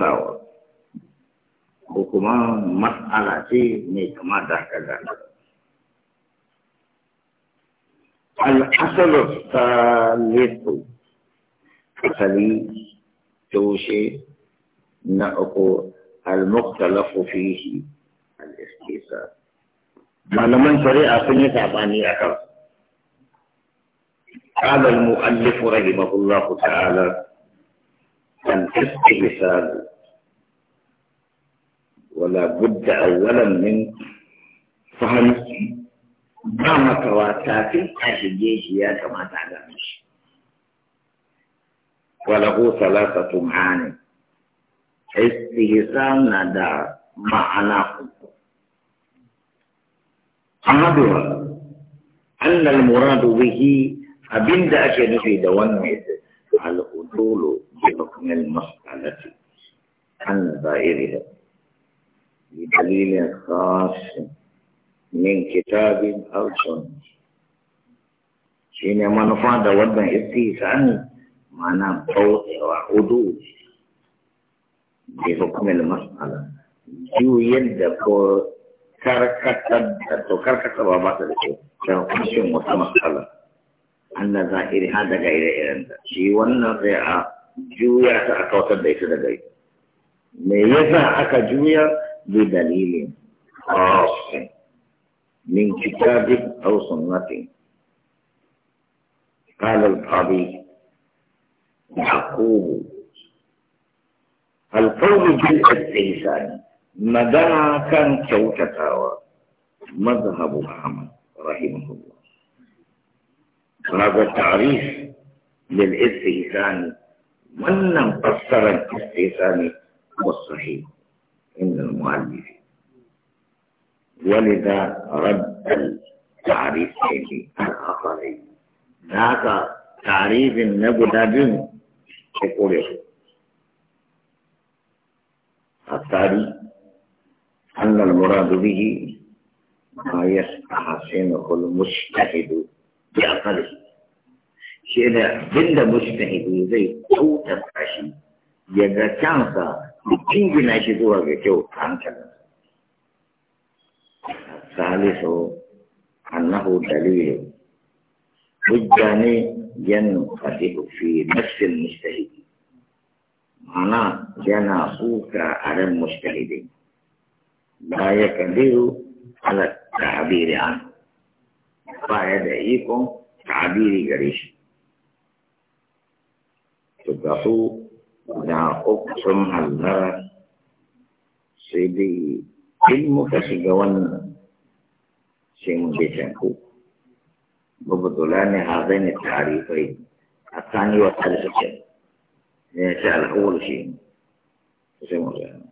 karantawa ko kuma mas'ala ce mai kama da haka da الأصل الثالث أصلي توشي نأكو المختلف فيه الاستيسار معلمان شريعة سنة عبانية قال المؤلف رحمه الله تعالى الاستيسار فلا بد أولا من فهم ما متواتات الحجيج يا كما تعلم وله ثلاثة معاني استهزام ندى معنى أمدها أن المراد به أبند أشهد في دوانه الأدول بحكم المسألة عن ظاهرها بدليل خاص من كتاب أو سنة شيني منفع دا ودن استيسان معنى بوضع وحدود بحكم المسألة جو يلد كو كركتب تو كركتب وبعض الشيء كركتب متمثلة أن ظاهر هذا غير إيران شي وانا رئة juya ta aka watar da ita da gai me yasa aka juya بدليل خاص من كتاب أو سنة قال القاضي يعقوب القول بالاستهزاء مدى كان كوكتاوى مذهب أحمد رحمه الله هذا تعريف للاستهزاء من فسر الاستهزاء والصحيح من المؤلفين ولذا رد التعريفين الآخرين ذاك تعريف النبذ يقول إيه؟ التالي أن المراد به ما يستحسنه المجتهد بعقله شيء ده بند مجتهد زي توتر الحشي يجا كانسا jingina shi zuwa ga kyau a hankali salisu annahu dalilu hujja ne yan fasihu fi nafsin mustahidi mana yana suka a ran mustahidi la ya kadiru ala ta'abiri an ba ya da ikon ta'abiri gare shi to ga su guda uku sun hallara sai dai in muka shiga wannan sai mu je can ku babatula ne hazai ne tarifai a tsani wa tarifi ne sai al'awar shi sai mu zai